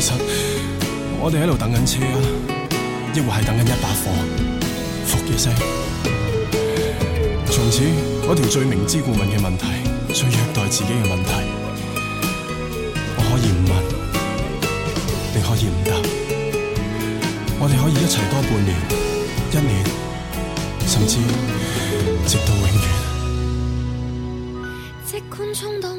其實我哋喺度等緊車，亦或係等緊一把火，伏一聲。從此條條最明知故問嘅問題，最虐待自己嘅問題。我可以唔問，你可以唔答。我哋可以一齊多半年、一年，甚至直到永遠。即管充當。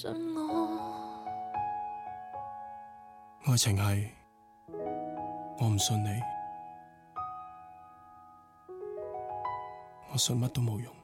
我信我愛情係，我唔信你，我信乜都冇用。